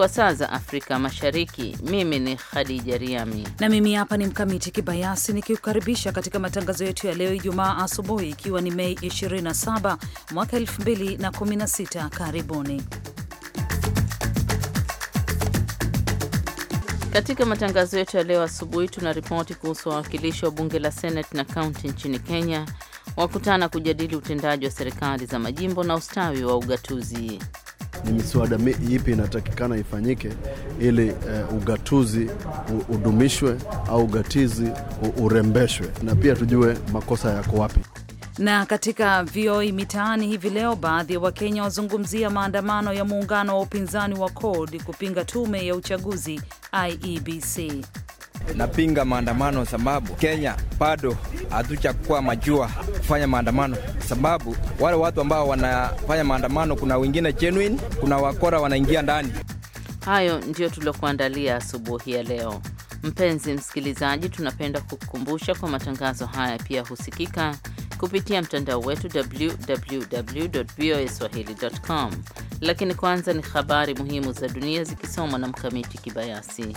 kwa saa za Afrika Mashariki. Mimi ni Khadija Riami na mimi hapa ni Mkamiti Kibayasi nikikukaribisha katika matangazo yetu ya leo Ijumaa asubuhi, ikiwa ni Mei 27 mwaka 2016. Karibuni. Katika matangazo yetu ya leo asubuhi tuna ripoti kuhusu wawakilishi wa bunge la Senate na kaunti nchini Kenya wakutana kujadili utendaji wa serikali za majimbo na ustawi wa ugatuzi ni miswada ipi inatakikana ifanyike ili uh, ugatuzi udumishwe au ugatizi urembeshwe na pia tujue makosa yako wapi. Na katika VOA e Mitaani hivi leo, baadhi ya wa Wakenya wazungumzia maandamano ya muungano wa upinzani wa CORD kupinga tume ya uchaguzi IEBC. Napinga maandamano sababu Kenya bado hatuchakuwa majua kufanya maandamano, sababu wale watu ambao wanafanya maandamano kuna wengine genuine, kuna wakora wanaingia ndani. Hayo ndio tuliokuandalia asubuhi ya leo. Mpenzi msikilizaji, tunapenda kukukumbusha kwa matangazo haya pia husikika kupitia mtandao wetu www www.voaswahili.com. Lakini kwanza ni habari muhimu za dunia zikisomwa na Mkamiti Kibayasi.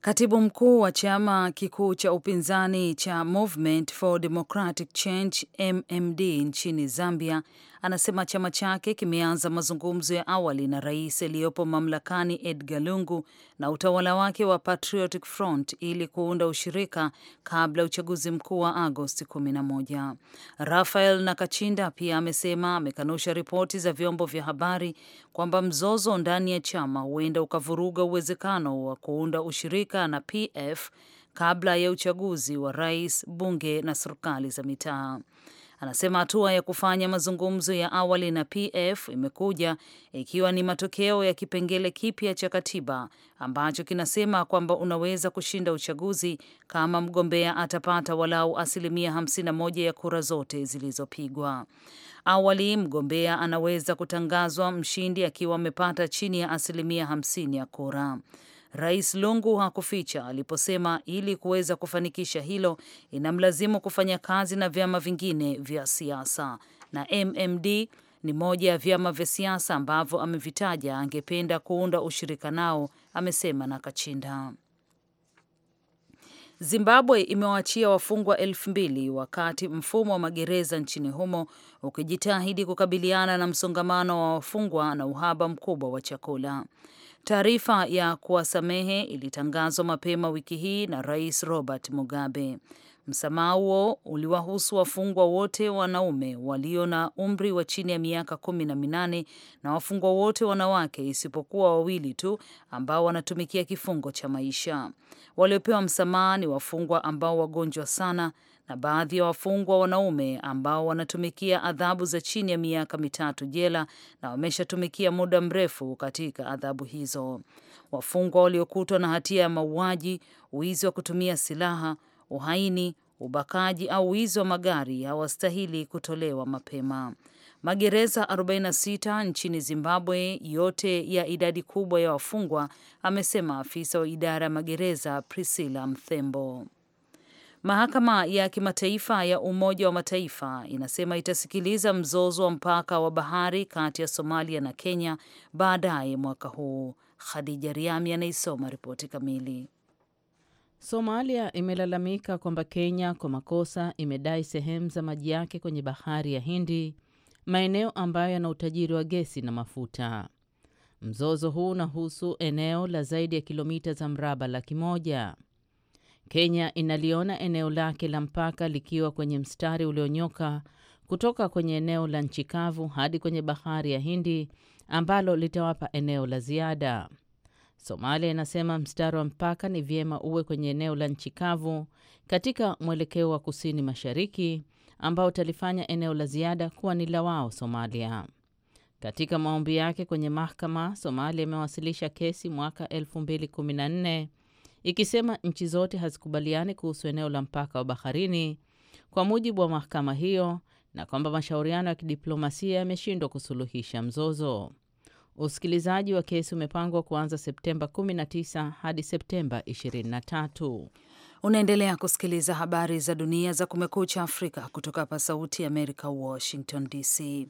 Katibu mkuu wa chama kikuu cha upinzani cha Movement for Democratic Change MMD nchini Zambia anasema chama chake kimeanza mazungumzo ya awali na rais aliyopo mamlakani Edgar Lungu na utawala wake wa Patriotic Front ili kuunda ushirika kabla uchaguzi mkuu wa Agosti 11. Rafael Nakachinda pia amesema amekanusha ripoti za vyombo vya habari kwamba mzozo ndani ya chama huenda ukavuruga uwezekano wa kuunda ushirika na PF kabla ya uchaguzi wa rais, bunge na serikali za mitaa. Anasema hatua ya kufanya mazungumzo ya awali na PF imekuja ikiwa ni matokeo ya kipengele kipya cha katiba ambacho kinasema kwamba unaweza kushinda uchaguzi kama mgombea atapata walau asilimia 51 ya kura zote zilizopigwa. Awali mgombea anaweza kutangazwa mshindi akiwa amepata chini ya asilimia 50 ya kura. Rais Lungu hakuficha aliposema ili kuweza kufanikisha hilo inamlazimu kufanya kazi na vyama vingine vya siasa, na MMD ni moja ya vyama vya siasa ambavyo amevitaja angependa kuunda ushirika nao, amesema Nakachinda. Zimbabwe imewaachia wafungwa elfu mbili wakati mfumo wa magereza nchini humo ukijitahidi kukabiliana na msongamano wa wafungwa na uhaba mkubwa wa chakula. Taarifa ya kuwasamehe ilitangazwa mapema wiki hii na Rais Robert Mugabe. Msamaha huo uliwahusu wafungwa wote wanaume walio na umri wa chini ya miaka kumi na minane na wafungwa wote wanawake isipokuwa wawili tu ambao wanatumikia kifungo cha maisha. Waliopewa msamaha ni wafungwa ambao wagonjwa sana, na baadhi ya wafungwa wanaume ambao wanatumikia adhabu za chini ya miaka mitatu jela na wameshatumikia muda mrefu katika adhabu hizo. Wafungwa waliokutwa na hatia ya mauaji, wizi wa kutumia silaha, uhaini, ubakaji au wizi wa magari hawastahili kutolewa mapema. Magereza 46 nchini Zimbabwe, yote ya idadi kubwa ya wafungwa, amesema afisa wa idara ya magereza Priscilla Mthembo. Mahakama ya Kimataifa ya Umoja wa Mataifa inasema itasikiliza mzozo wa mpaka wa bahari kati ya Somalia na Kenya baadaye mwaka huu. Khadija Riami anaisoma ripoti kamili. Somalia imelalamika kwamba Kenya kwa makosa imedai sehemu za maji yake kwenye bahari ya Hindi, maeneo ambayo yana utajiri wa gesi na mafuta. Mzozo huu unahusu eneo la zaidi ya kilomita za mraba laki moja. Kenya inaliona eneo lake la mpaka likiwa kwenye mstari ulionyoka kutoka kwenye eneo la nchi kavu hadi kwenye bahari ya Hindi ambalo litawapa eneo la ziada. Somalia inasema mstari wa mpaka ni vyema uwe kwenye eneo la nchi kavu katika mwelekeo wa kusini mashariki ambao utalifanya eneo la ziada kuwa ni la wao Somalia. Katika maombi yake kwenye mahakama, Somalia imewasilisha kesi mwaka 2014 ikisema nchi zote hazikubaliani kuhusu eneo la mpaka wa baharini kwa mujibu wa mahakama hiyo na kwamba mashauriano ya kidiplomasia yameshindwa kusuluhisha mzozo. Usikilizaji wa kesi umepangwa kuanza Septemba 19 hadi Septemba 23. Unaendelea kusikiliza habari za dunia za Kumekucha Afrika kutoka hapa Sauti ya Amerika, Washington DC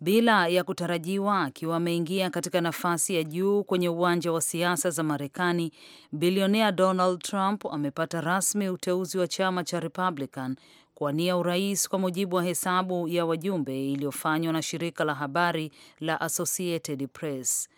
bila ya kutarajiwa akiwa ameingia katika nafasi ya juu kwenye uwanja wa siasa za Marekani. Bilionea Donald Trump amepata rasmi uteuzi wa chama cha Republican kuwania urais kwa mujibu wa hesabu ya wajumbe iliyofanywa na shirika la habari la Associated Press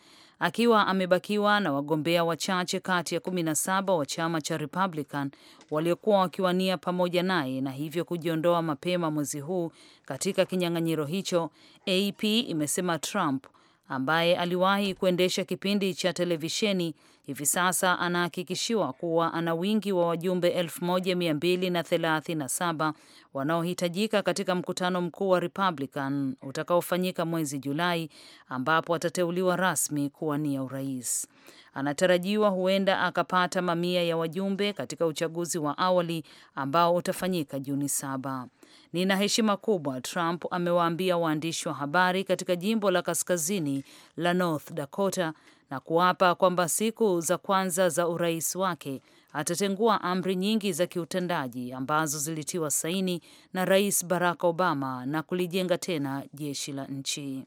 akiwa amebakiwa na wagombea wachache kati ya 17 wa chama cha Republican waliokuwa wakiwania pamoja naye na hivyo kujiondoa mapema mwezi huu katika kinyang'anyiro hicho. AP imesema Trump ambaye aliwahi kuendesha kipindi cha televisheni Hivi sasa anahakikishiwa kuwa ana wingi wa wajumbe 1237 wanaohitajika katika mkutano mkuu wa Republican utakaofanyika mwezi Julai, ambapo atateuliwa rasmi kuwania urais. Anatarajiwa huenda akapata mamia ya wajumbe katika uchaguzi wa awali ambao utafanyika Juni saba. Nina heshima kubwa, Trump amewaambia waandishi wa habari katika jimbo la kaskazini la North Dakota na kuapa kwamba siku za kwanza za urais wake atatengua amri nyingi za kiutendaji ambazo zilitiwa saini na Rais Barack Obama na kulijenga tena jeshi la nchi.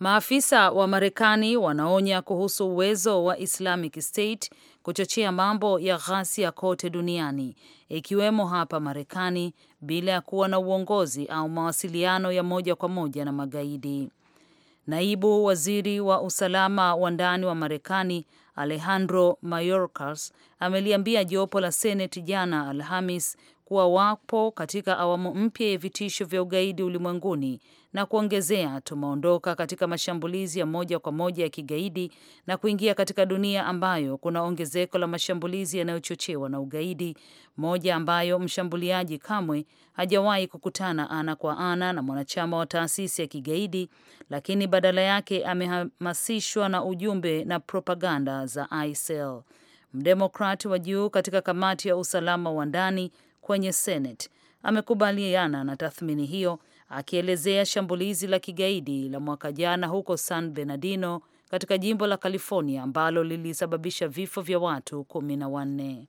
Maafisa wa Marekani wanaonya kuhusu uwezo wa Islamic State kuchochea mambo ya ghasia kote duniani ikiwemo hapa Marekani bila ya kuwa na uongozi au mawasiliano ya moja kwa moja na magaidi. Naibu waziri wa usalama wa ndani wa Marekani Alejandro Mayorkas ameliambia jopo la Seneti jana Alhamis kuwa wapo katika awamu mpya ya vitisho vya ugaidi ulimwenguni na kuongezea, tumeondoka katika mashambulizi ya moja kwa moja ya kigaidi na kuingia katika dunia ambayo kuna ongezeko la mashambulizi yanayochochewa na ugaidi, moja ambayo mshambuliaji kamwe hajawahi kukutana ana kwa ana na mwanachama wa taasisi ya kigaidi, lakini badala yake amehamasishwa na ujumbe na propaganda za ISIL. E Mdemokrati wa juu katika kamati ya usalama wa ndani kwenye Senate amekubaliana na tathmini hiyo akielezea shambulizi la kigaidi la mwaka jana huko San Bernardino katika jimbo la California ambalo lilisababisha vifo vya watu kumi na wanne.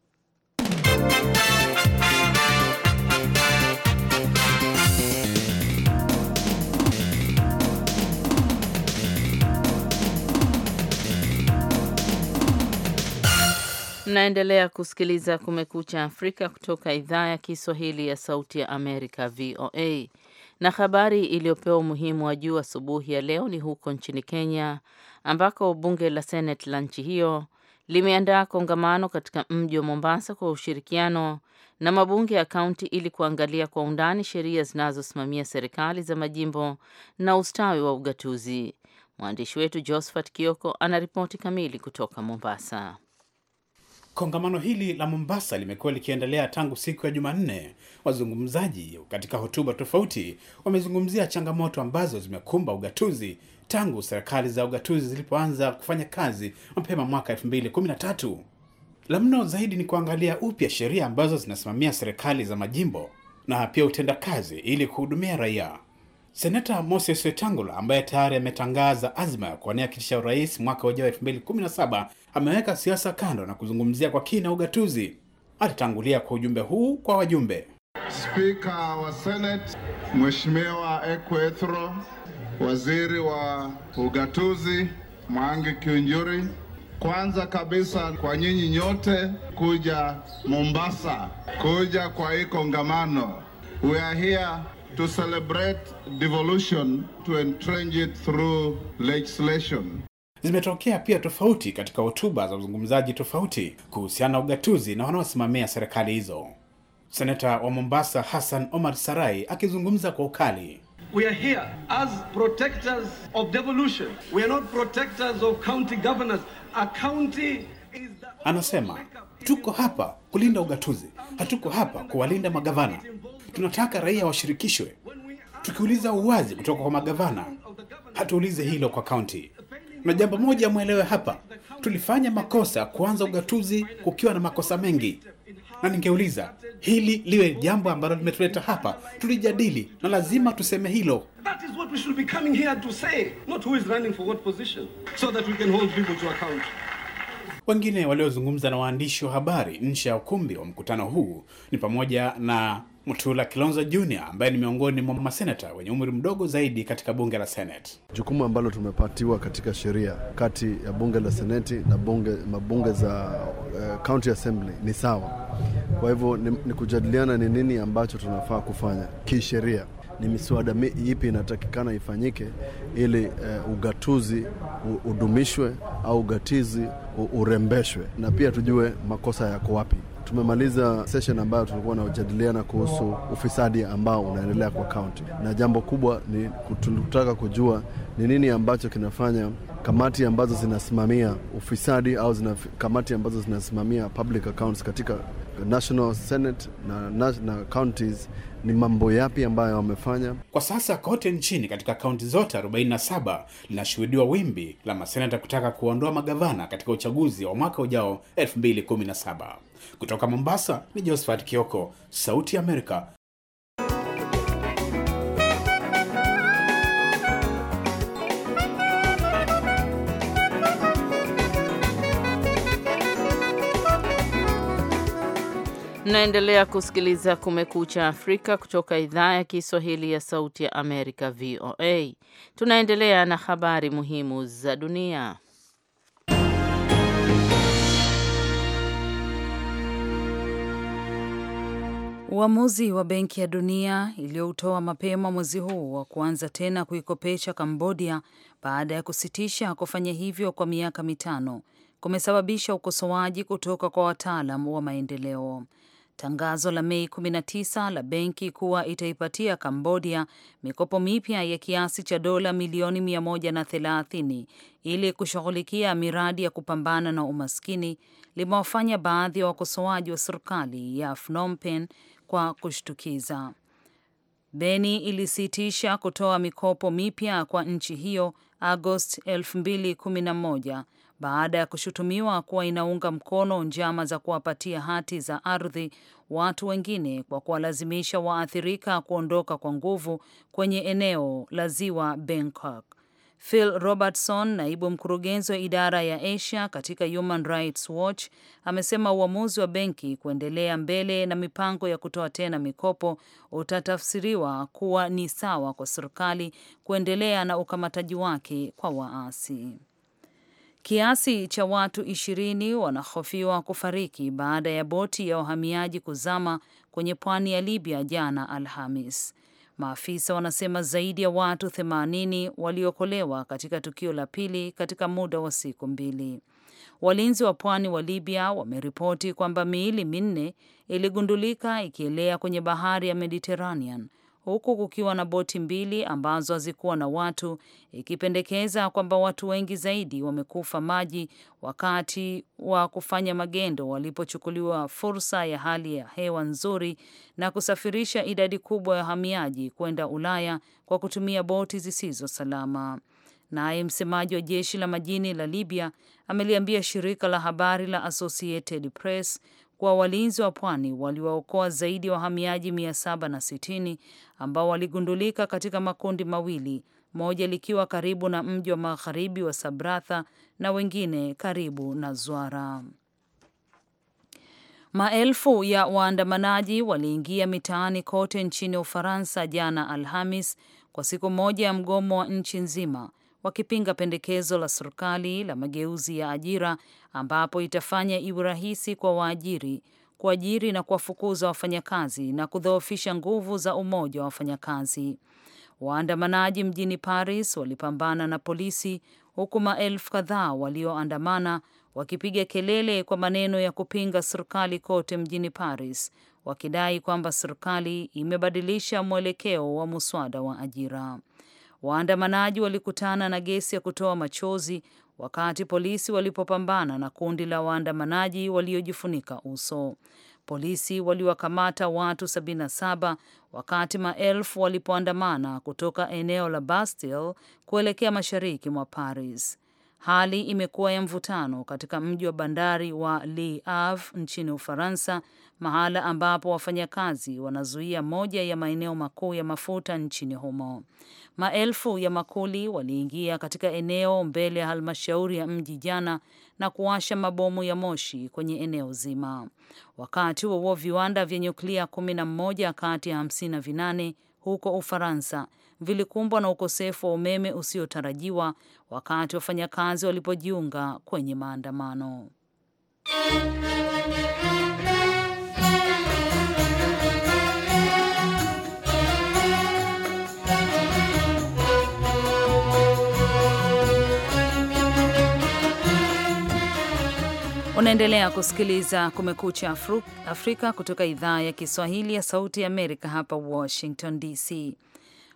Mnaendelea kusikiliza Kumekucha Afrika kutoka idhaa ya Kiswahili ya Sauti ya Amerika, VOA. Na habari iliyopewa umuhimu wa juu asubuhi ya leo ni huko nchini Kenya ambako bunge la senet la nchi hiyo limeandaa kongamano katika mji wa Mombasa kwa ushirikiano na mabunge ya kaunti ili kuangalia kwa undani sheria zinazosimamia serikali za majimbo na ustawi wa ugatuzi. Mwandishi wetu Josephat Kioko ana ripoti kamili kutoka Mombasa. Kongamano hili la Mombasa limekuwa likiendelea tangu siku ya Jumanne. Wazungumzaji katika hotuba tofauti wamezungumzia changamoto ambazo zimekumba ugatuzi tangu serikali za ugatuzi zilipoanza kufanya kazi mapema mwaka 2013. La mno zaidi ni kuangalia upya sheria ambazo zinasimamia serikali za majimbo na pia utendakazi ili kuhudumia raia. Seneta Moses Wetangula ambaye tayari ametangaza azma ya kuwania kiti cha urais mwaka ujao ameweka siasa kando na kuzungumzia kwa kina ugatuzi. Alitangulia kwa ujumbe huu kwa wajumbe. Spika wa Senate Mheshimiwa ekuethro waziri wa ugatuzi Mwangi Kiunjuri, kwanza kabisa kwa nyinyi nyote kuja Mombasa, kuja kwa hii kongamano. We are here to celebrate devolution to entrench it through legislation zimetokea pia tofauti katika hotuba za uzungumzaji tofauti kuhusiana na ugatuzi na wanaosimamia serikali hizo. Seneta wa Mombasa Hassan Omar Sarai akizungumza kwa ukali We are here as protectors of devolution. We are not protectors of county A county is the... Anasema tuko hapa kulinda ugatuzi, hatuko hapa kuwalinda magavana. Tunataka raia washirikishwe. Tukiuliza uwazi kutoka kwa magavana, hatuulize hilo kwa kaunti. Na jambo moja mwelewe hapa, tulifanya makosa kuanza ugatuzi kukiwa na makosa mengi, na ningeuliza hili liwe jambo ambalo limetuleta hapa, tulijadili na lazima tuseme hilo. That is what we wengine waliozungumza na waandishi wa habari nje ya ukumbi wa mkutano huu ni pamoja na Mutula Kilonzo Jr ambaye ni miongoni mwa maseneta wenye umri mdogo zaidi katika bunge la Seneti. Jukumu ambalo tumepatiwa katika sheria kati ya bunge la Seneti na bunge, mabunge za uh, county assembly ni sawa. Kwa hivyo ni, ni kujadiliana ni nini ambacho tunafaa kufanya kisheria ni miswada ipi inatakikana ifanyike ili uh, ugatuzi udumishwe au ugatizi urembeshwe, na pia tujue makosa yako wapi. Tumemaliza seshen ambayo tulikuwa najadiliana kuhusu ufisadi ambao unaendelea kwa kaunti, na jambo kubwa ni tulitaka kujua ni nini ambacho kinafanya kamati ambazo zinasimamia ufisadi au zina kamati ambazo zinasimamia public accounts katika National Senate na, na, na counties ni mambo yapi ambayo wamefanya kwa sasa. Kote nchini katika kaunti zote 47 linashuhudiwa wimbi la masenata kutaka kuondoa magavana katika uchaguzi wa mwaka ujao 217 Kutoka Mombasa ni Josephat Kioko, Sauti ya Amerika, Mnaendelea kusikiliza Kumekucha Afrika kutoka idhaa ya Kiswahili ya Sauti ya Amerika, VOA. Tunaendelea na habari muhimu za dunia. Uamuzi wa Benki ya Dunia iliyoutoa mapema mwezi huu wa kuanza tena kuikopesha Kambodia baada ya kusitisha kufanya hivyo kwa miaka mitano kumesababisha ukosoaji kutoka kwa wataalam wa maendeleo. Tangazo la Mei 19 la benki kuwa itaipatia Kambodia mikopo mipya ya kiasi cha dola milioni 130 ili kushughulikia miradi ya kupambana na umaskini limewafanya baadhi ya wakosoaji wa serikali ya Phnom Penh kwa kushtukiza. Beni ilisitisha kutoa mikopo mipya kwa nchi hiyo Agosti 2011 baada ya kushutumiwa kuwa inaunga mkono njama za kuwapatia hati za ardhi watu wengine kwa kuwalazimisha waathirika kuondoka kwa nguvu kwenye eneo la ziwa Bangkok. Phil Robertson, naibu mkurugenzi wa idara ya Asia katika Human Rights Watch, amesema uamuzi wa benki kuendelea mbele na mipango ya kutoa tena mikopo utatafsiriwa kuwa ni sawa kwa serikali kuendelea na ukamataji wake kwa waasi. Kiasi cha watu ishirini wanahofiwa kufariki baada ya boti ya wahamiaji kuzama kwenye pwani ya Libya jana Alhamis. Maafisa wanasema zaidi ya watu 80 waliokolewa katika tukio la pili katika muda wa siku mbili. Walinzi wa pwani wa Libya wameripoti kwamba miili minne iligundulika ikielea kwenye bahari ya Mediterranean huku kukiwa na boti mbili ambazo hazikuwa na watu, ikipendekeza kwamba watu wengi zaidi wamekufa maji wakati wa kufanya magendo walipochukuliwa fursa ya hali ya hewa nzuri na kusafirisha idadi kubwa ya wahamiaji kwenda Ulaya kwa kutumia boti zisizo salama. Naye msemaji wa jeshi la majini la Libya ameliambia shirika la habari la Associated Press kuwa walinzi wa pwani waliwaokoa zaidi ya wahamiaji 760 ambao waligundulika katika makundi mawili, moja likiwa karibu na mji wa magharibi wa Sabratha na wengine karibu na Zwara. Maelfu ya waandamanaji waliingia mitaani kote nchini Ufaransa jana Alhamis kwa siku moja ya mgomo wa nchi nzima wakipinga pendekezo la serikali la mageuzi ya ajira ambapo itafanya iwe rahisi kwa waajiri kuajiri na kuwafukuza wafanyakazi na kudhoofisha nguvu za umoja wa wafanyakazi. Waandamanaji mjini Paris walipambana na polisi huku maelfu kadhaa walioandamana wakipiga kelele kwa maneno ya kupinga serikali kote mjini Paris, wakidai kwamba serikali imebadilisha mwelekeo wa muswada wa ajira. Waandamanaji walikutana na gesi ya kutoa machozi wakati polisi walipopambana na kundi la waandamanaji waliojifunika uso. Polisi waliwakamata watu 77 wakati maelfu walipoandamana kutoka eneo la Bastille kuelekea mashariki mwa Paris. Hali imekuwa ya mvutano katika mji wa bandari wa Le Havre nchini Ufaransa, mahala ambapo wafanyakazi wanazuia moja ya maeneo makuu ya mafuta nchini humo. Maelfu ya makuli waliingia katika eneo mbele ya halmashauri ya mji jana na kuwasha mabomu ya moshi kwenye eneo zima. Wakati huo viwanda vya nyuklia kumi na mmoja kati ya hamsini na vinane huko Ufaransa vilikumbwa na ukosefu wa umeme usiotarajiwa wakati wafanyakazi walipojiunga kwenye maandamano. Unaendelea kusikiliza Kumekucha Afrika kutoka idhaa ya Kiswahili ya Sauti ya Amerika hapa Washington DC.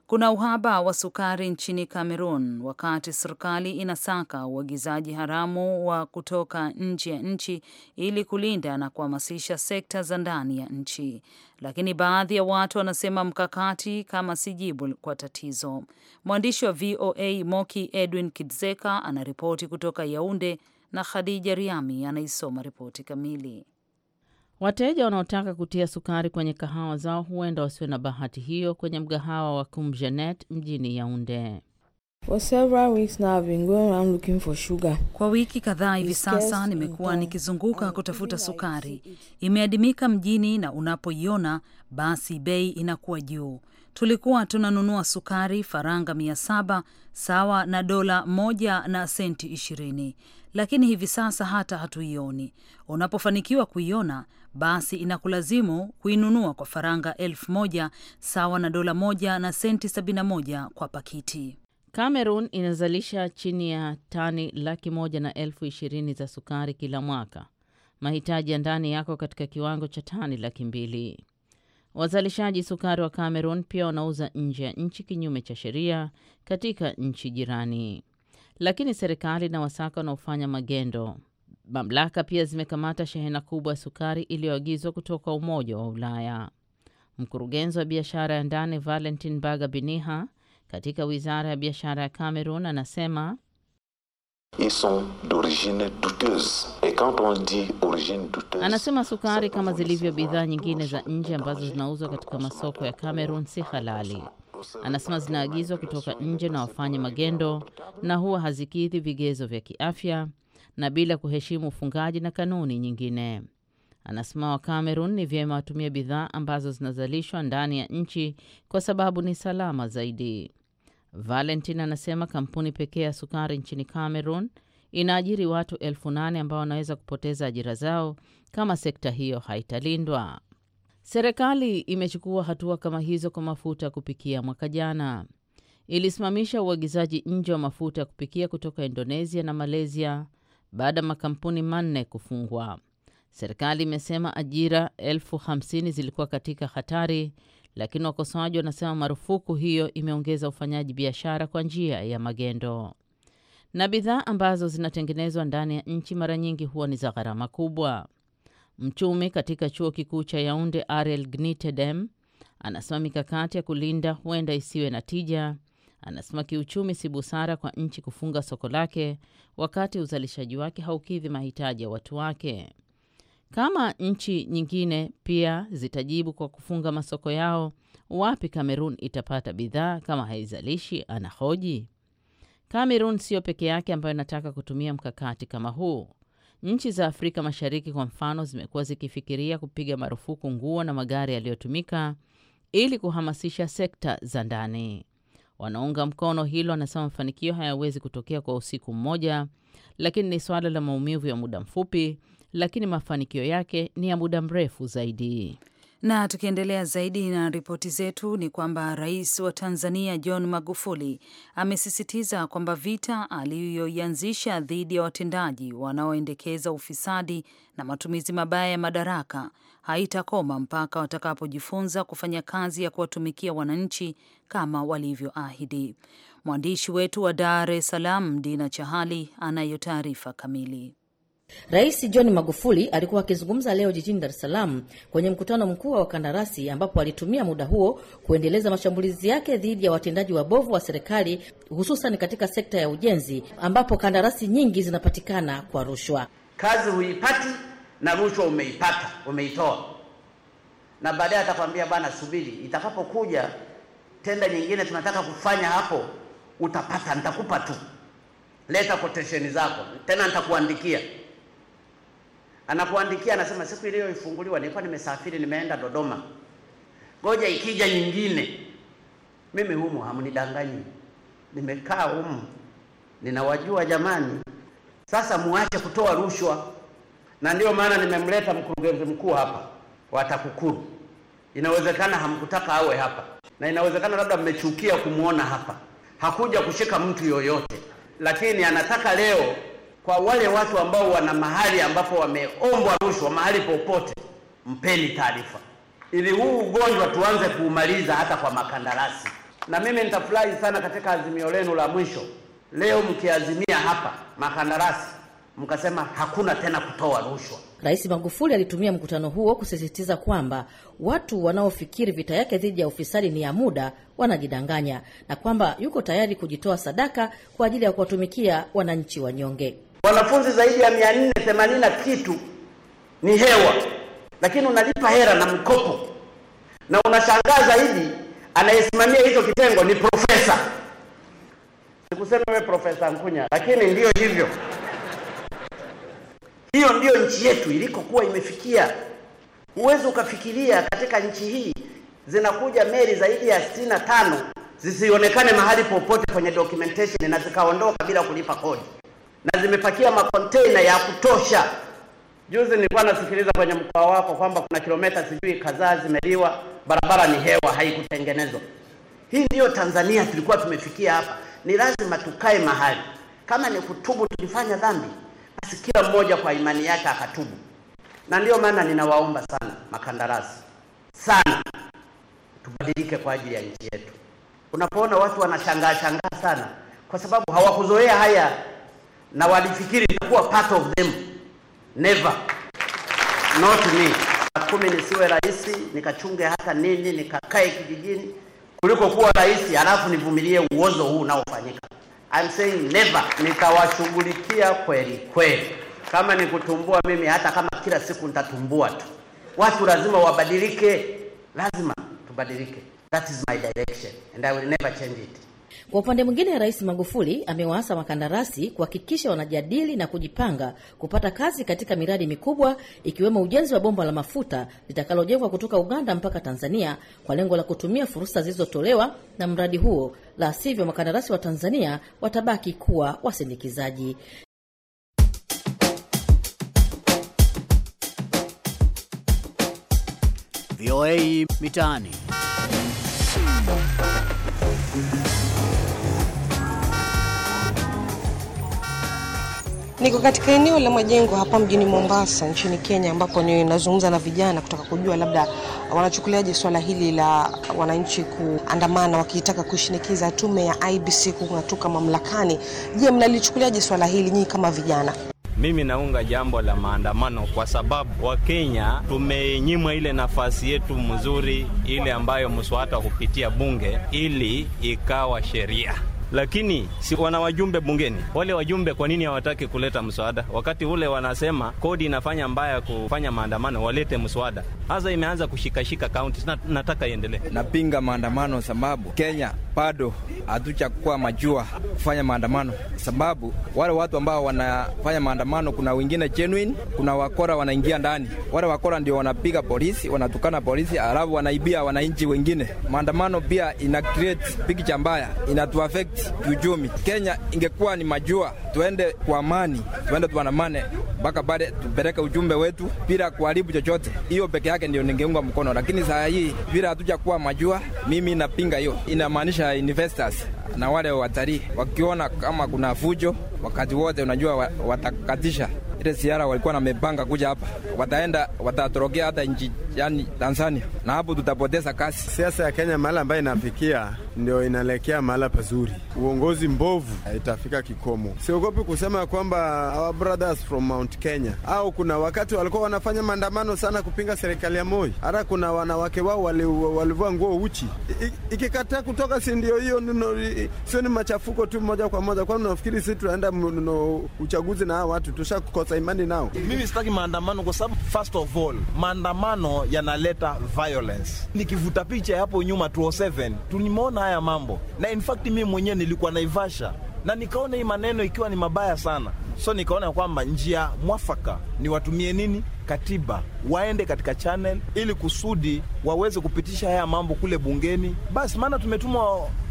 Kuna uhaba wa sukari nchini Cameroon wakati serikali inasaka uagizaji haramu wa kutoka nje ya nchi ili kulinda na kuhamasisha sekta za ndani ya nchi, lakini baadhi ya watu wanasema mkakati kama si jibu kwa tatizo. Mwandishi wa VOA Moki Edwin Kidzeka anaripoti kutoka Yaunde na Khadija Riami anaisoma ripoti kamili. Wateja wanaotaka kutia sukari kwenye kahawa zao huenda wasiwe na bahati hiyo kwenye mgahawa wa Kumjanet mjini Yaunde. Kwa wiki kadhaa hivi sasa nimekuwa nikizunguka kutafuta sukari. Imeadimika mjini na unapoiona basi bei inakuwa juu. Tulikuwa tunanunua sukari faranga mia saba sawa na dola moja na senti ishirini, lakini hivi sasa hata hatuioni. Unapofanikiwa kuiona, basi inakulazimu kuinunua kwa faranga elfu moja sawa na dola moja na senti 71 kwa pakiti. cameron inazalisha chini ya tani laki moja na elfu ishirini za sukari kila mwaka. Mahitaji ya ndani yako katika kiwango cha tani laki mbili. Wazalishaji sukari wa cameron pia wanauza nje ya nchi kinyume cha sheria katika nchi jirani lakini serikali na wasaka wanaofanya magendo. Mamlaka pia zimekamata shehena kubwa ya sukari iliyoagizwa kutoka Umoja wa Ulaya. Mkurugenzi wa biashara ya ndani Valentin Baga Biniha katika wizara ya biashara ya Cameroon anasema Ils sont d'origine douteuse. Et quand on dit origine douteuse, anasema sukari kama zilivyo bidhaa nyingine za nje ambazo zinauzwa katika masoko ya Cameroon si halali. Anasema zinaagizwa kutoka nje na wafanya magendo na huwa hazikidhi vigezo vya kiafya na bila kuheshimu ufungaji na kanuni nyingine. Anasema wa Kamerun ni vyema watumie bidhaa ambazo zinazalishwa ndani ya nchi kwa sababu ni salama zaidi. Valentin anasema kampuni pekee ya sukari nchini cameron inaajiri watu elfu nane ambao wanaweza kupoteza ajira zao kama sekta hiyo haitalindwa. Serikali imechukua hatua kama hizo kwa mafuta ya kupikia. Mwaka jana ilisimamisha uagizaji nje wa mafuta ya kupikia kutoka Indonesia na Malaysia baada ya makampuni manne kufungwa. Serikali imesema ajira elfu hamsini zilikuwa katika hatari, lakini wakosoaji wanasema marufuku hiyo imeongeza ufanyaji biashara kwa njia ya magendo, na bidhaa ambazo zinatengenezwa ndani ya nchi mara nyingi huwa ni za gharama kubwa. Mchumi katika chuo kikuu cha Yaunde Ariel Gnitedem anasema mikakati ya kulinda huenda isiwe na tija. Anasema kiuchumi si busara kwa nchi kufunga soko lake wakati uzalishaji wake haukidhi mahitaji ya watu wake. Kama nchi nyingine pia zitajibu kwa kufunga masoko yao, wapi Kamerun itapata bidhaa kama haizalishi? Anahoji. Kamerun siyo peke yake ambayo inataka kutumia mkakati kama huu. Nchi za Afrika Mashariki kwa mfano zimekuwa zikifikiria kupiga marufuku nguo na magari yaliyotumika ili kuhamasisha sekta za ndani. Wanaunga mkono hilo, wanasema mafanikio hayawezi kutokea kwa usiku mmoja, lakini ni suala la maumivu ya muda mfupi, lakini mafanikio yake ni ya muda mrefu zaidi. Na tukiendelea zaidi na ripoti zetu ni kwamba rais wa Tanzania John Magufuli amesisitiza kwamba vita aliyoianzisha dhidi ya watendaji wanaoendekeza ufisadi na matumizi mabaya ya madaraka haitakoma mpaka watakapojifunza kufanya kazi ya kuwatumikia wananchi kama walivyoahidi. Mwandishi wetu wa Dar es Salaam, Dina Chahali, anayo taarifa kamili. Rais John Magufuli alikuwa akizungumza leo jijini Dar es Salaam kwenye mkutano mkuu wa wakandarasi, ambapo alitumia muda huo kuendeleza mashambulizi yake dhidi ya watendaji wabovu wa serikali, hususan katika sekta ya ujenzi, ambapo kandarasi nyingi zinapatikana kwa rushwa. Kazi huipati na rushwa umeipata, umeitoa, na baadaye atakwambia bana, subiri itakapokuja tenda nyingine tunataka kufanya hapo, utapata, nitakupa tu, leta koteshen zako, tena nitakuandikia anakuandikia anasema, siku iliyoifunguliwa nilikuwa nimesafiri, nimeenda Dodoma, ngoja ikija nyingine, mimi humu hamnidanganyi, nimekaa humu, ninawajua jamani. Sasa muache kutoa rushwa, na ndiyo maana nimemleta mkurugenzi mkuu hapa wa TAKUKURU. Inawezekana hamkutaka awe hapa, na inawezekana labda mmechukia kumwona hapa, hakuja kushika mtu yoyote, lakini anataka leo kwa wale watu ambao wana mahali ambapo wameombwa rushwa mahali popote, mpeni taarifa ili huu ugonjwa tuanze kuumaliza hata kwa makandarasi. Na mimi nitafurahi sana katika azimio lenu la mwisho leo mkiazimia hapa makandarasi mkasema hakuna tena kutoa rushwa. Rais Magufuli alitumia mkutano huo kusisitiza kwamba watu wanaofikiri vita yake dhidi ya ufisadi ni ya muda wanajidanganya, na kwamba yuko tayari kujitoa sadaka kwa ajili ya kuwatumikia wananchi wanyonge wanafunzi zaidi ya 480 na kitu ni hewa, lakini unalipa hela na mkopo, na unashangaa zaidi anayesimamia hicho kitengo ni profesa. Sikusema wewe Profesa Nkunya, lakini ndiyo hivyo. Hiyo ndiyo nchi yetu ilikokuwa imefikia. Huwezi ukafikiria katika nchi hii zinakuja meli zaidi ya sitini na tano zisionekane mahali popote kwenye documentation na zikaondoka bila kulipa kodi na zimepakia makontena ya kutosha. Juzi nilikuwa nasikiliza kwenye mkoa wako kwamba kuna kilomita sijui kadhaa zimeliwa, barabara ni hewa, haikutengenezwa. Hii ndiyo Tanzania tulikuwa tumefikia hapa. Ni lazima tukae mahali, kama ni kutubu, tulifanya dhambi, basi kila mmoja kwa imani yake akatubu. Na ndiyo maana ninawaomba sana makandarasi sana, tubadilike kwa ajili ya nchi yetu. Unapoona watu wanashangaa shangaa sana, kwa sababu hawakuzoea haya na walifikiri nitakuwa part of them. Never, not me. Kumi nisiwe rais nikachunge hata nini nikakae kijijini kuliko kuwa rais halafu nivumilie uozo huu unaofanyika. I'm saying never. Nitawashughulikia kweli kweli, kama ni kutumbua mimi, hata kama kila siku nitatumbua tu. Watu lazima wabadilike, lazima tubadilike. That is my direction and I will never change it. Kwa upande mwingine, Rais Magufuli amewaasa wakandarasi kuhakikisha wanajadili na kujipanga kupata kazi katika miradi mikubwa ikiwemo ujenzi wa bomba la mafuta litakalojengwa kutoka Uganda mpaka Tanzania kwa lengo la kutumia fursa zilizotolewa na mradi huo, la sivyo wakandarasi wa Tanzania watabaki kuwa wasindikizaji. VOA Mitaani. Niko katika eneo la majengo hapa mjini Mombasa nchini Kenya, ambapo ninazungumza na vijana kutaka kujua labda wanachukuliaje swala hili la wananchi kuandamana wakitaka kushinikiza tume ya IBC kung'atuka mamlakani. Je, mnalichukuliaje swala hili nyinyi kama vijana? Mimi naunga jambo la maandamano kwa sababu Wakenya tumenyimwa ile nafasi yetu mzuri, ile ambayo mswada hupitia bunge ili ikawa sheria lakini si wana wajumbe bungeni. Wale wajumbe kwa nini hawataki kuleta mswada? Wakati ule wanasema kodi inafanya mbaya kufanya maandamano, walete mswada. hasa, imeanza kushikashika kaunti, nataka iendelee. Napinga maandamano sababu Kenya bado hatuchakuwa majua kufanya maandamano, sababu wale watu ambao wanafanya maandamano, kuna wengine genuine, kuna wakora wanaingia ndani. Wale wakora ndio wanapiga polisi, wanatukana polisi, alafu wanaibia wananchi wengine. Maandamano pia ina create picture mbaya, inatuaffect kiuchumi. Kenya ingekuwa ni majua, tuende kwa amani, tuende tuandamane mpaka pale tupeleke ujumbe wetu bila kuharibu chochote. Hiyo peke yake ndio ningeunga mkono, lakini saa hii bila hatujakuwa majua, mimi napinga hiyo. Inamaanisha investors na wale watalii wakiona kama kuna fujo wakati wote, unajua watakatisha ile siara walikuwa wamepanga kuja hapa, wataenda watatorokea hata nchi yani Tanzania, na hapo tutapoteza kazi. Siasa ya Kenya mahali ambayo inafikia ndio inaelekea mahala pazuri. Uongozi mbovu itafika kikomo. Siogopi kusema kwamba our brothers from Mount Kenya au kuna wakati walikuwa wanafanya maandamano sana kupinga serikali ya Moi, hata kuna wanawake wao walivua nguo uchi. Ikikataa kutoka, si ndio hiyo? Sio ni machafuko tu moja kwa moja? Kwani nafikiri si tunaenda uchaguzi na hao watu? Tushakukosa imani nao. Mimi sitaki maandamano kwa sababu first of all maandamano yanaleta violence. Nikivuta picha hapo nyuma 2007 tulimeona haya mambo, na in fact mimi mwenyewe nilikuwa Naivasha na nikaona hii maneno ikiwa ni mabaya sana, so nikaona kwamba njia mwafaka ni watumie nini katiba, waende katika channel ili kusudi waweze kupitisha haya mambo kule bungeni. Basi maana tumetuma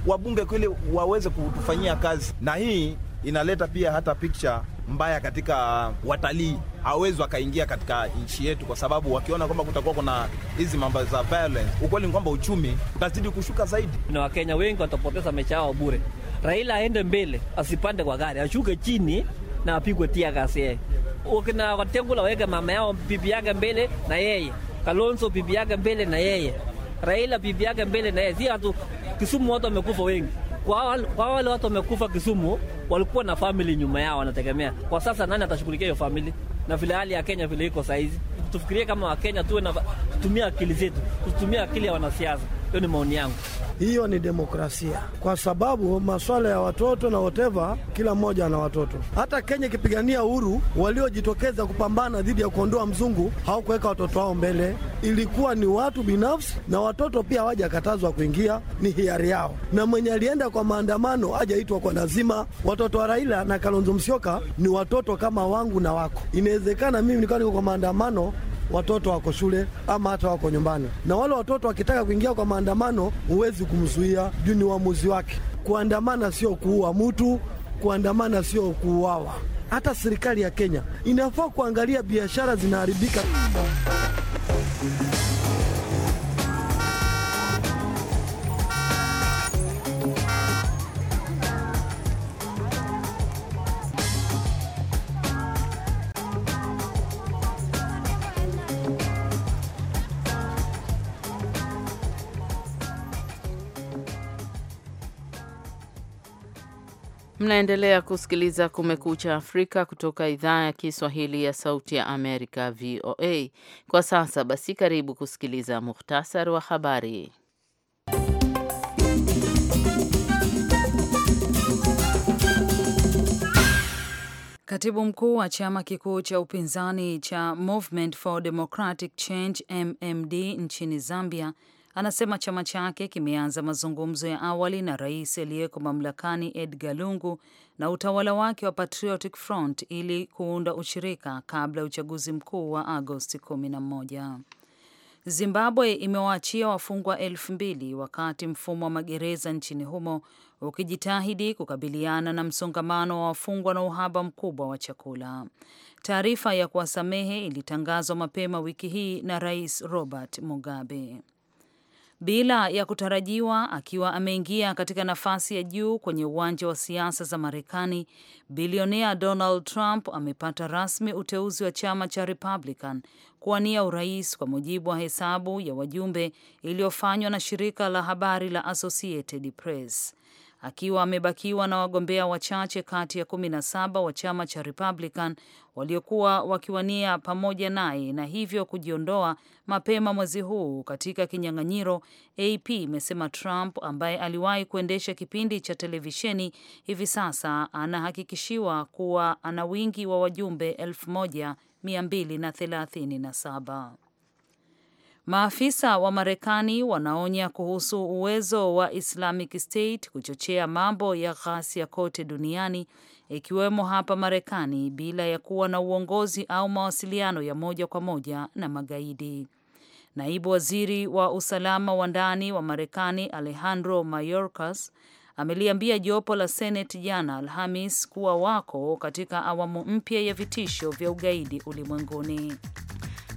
wabunge kule waweze kutufanyia kazi, na hii inaleta pia hata picture mbaya katika watalii hawezi wakaingia katika nchi yetu, kwa sababu wakiona kwamba kutakuwa kuna hizi mambo za violence, ukweli ni kwamba uchumi utazidi kushuka zaidi, na Wakenya wengi watapoteza maisha yao bure. Raila aende mbele, asipande kwa gari, ashuke chini na apigwe tia gasi. Yeye ukina Watengula waweke mama yao bibi yake mbele na yeye, Kalonzo bibi yake mbele na yeye, Raila bibi yake mbele na yeye, si hatu Kisumu watu wamekufa wengi kwa wale watu wamekufa Kisumu walikuwa na famili nyuma yao wanategemea. Kwa sasa nani atashughulikia hiyo famili? Na vile hali ya Kenya vile iko saizi, tufikirie kama Wakenya, tuwe na tutumie akili zetu, tutumie akili ya wanasiasa. Hiyo ni maoni yangu. Hiyo ni demokrasia, kwa sababu maswala ya watoto na oteva, kila mmoja ana watoto. Hata Kenya ikipigania uhuru, waliojitokeza kupambana dhidi ya kuondoa mzungu hawakuweka watoto wao mbele, ilikuwa ni watu binafsi, na watoto pia hawajakatazwa kuingia, ni hiari yao. Na mwenye alienda kwa maandamano hajaitwa kwa lazima. Watoto wa Raila na Kalonzo Musyoka ni watoto kama wangu na wako. Inawezekana mimi nilikuwa niko kwa maandamano watoto wako shule ama hata wako nyumbani, na wale watoto wakitaka kuingia kwa maandamano huwezi kumzuia juu ni uamuzi wake. Kuandamana sio kuua mtu, kuandamana sio kuuawa. Hata serikali ya Kenya inafaa kuangalia biashara zinaharibika Mnaendelea kusikiliza Kumekucha Afrika kutoka idhaa ya Kiswahili ya Sauti ya Amerika, VOA. Kwa sasa basi, karibu kusikiliza muhtasari wa habari. Katibu mkuu wa chama kikuu cha upinzani cha Movement for Democratic Change MMD nchini Zambia anasema chama chake kimeanza mazungumzo ya awali na rais aliyeko mamlakani Edgar Lungu na utawala wake wa Patriotic Front ili kuunda ushirika kabla ya uchaguzi mkuu wa Agosti 11. Zimbabwe imewaachia wafungwa elfu mbili wakati mfumo wa magereza nchini humo ukijitahidi kukabiliana na msongamano wa wafungwa na uhaba mkubwa wa chakula. Taarifa ya kuwasamehe ilitangazwa mapema wiki hii na Rais Robert Mugabe bila ya kutarajiwa, akiwa ameingia katika nafasi ya juu kwenye uwanja wa siasa za Marekani. Bilionea Donald Trump amepata rasmi uteuzi wa chama cha Republican kuwania urais kwa mujibu wa hesabu ya wajumbe iliyofanywa na shirika la habari la Associated Press akiwa amebakiwa na wagombea wachache kati ya kumi na saba wa chama cha Republican waliokuwa wakiwania pamoja naye na hivyo kujiondoa mapema mwezi huu katika kinyang'anyiro. AP imesema Trump ambaye aliwahi kuendesha kipindi cha televisheni hivi sasa anahakikishiwa kuwa ana wingi wa wajumbe saba Maafisa wa Marekani wanaonya kuhusu uwezo wa Islamic State kuchochea mambo ya ghasia kote duniani ikiwemo hapa Marekani bila ya kuwa na uongozi au mawasiliano ya moja kwa moja na magaidi. Naibu waziri wa usalama wa ndani wa Marekani Alejandro Mayorkas ameliambia jopo la Seneti jana Alhamis kuwa wako katika awamu mpya ya vitisho vya ugaidi ulimwenguni.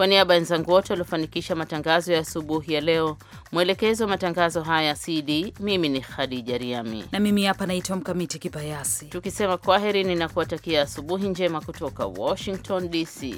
Kwa niaba ya wenzangu wote waliofanikisha matangazo ya asubuhi ya leo, mwelekezo wa matangazo haya CD, mimi ni Khadija Riami na mimi hapa naitwa Mkamiti Kibayasi, tukisema kwaheri, ninakuwatakia asubuhi njema kutoka Washington DC.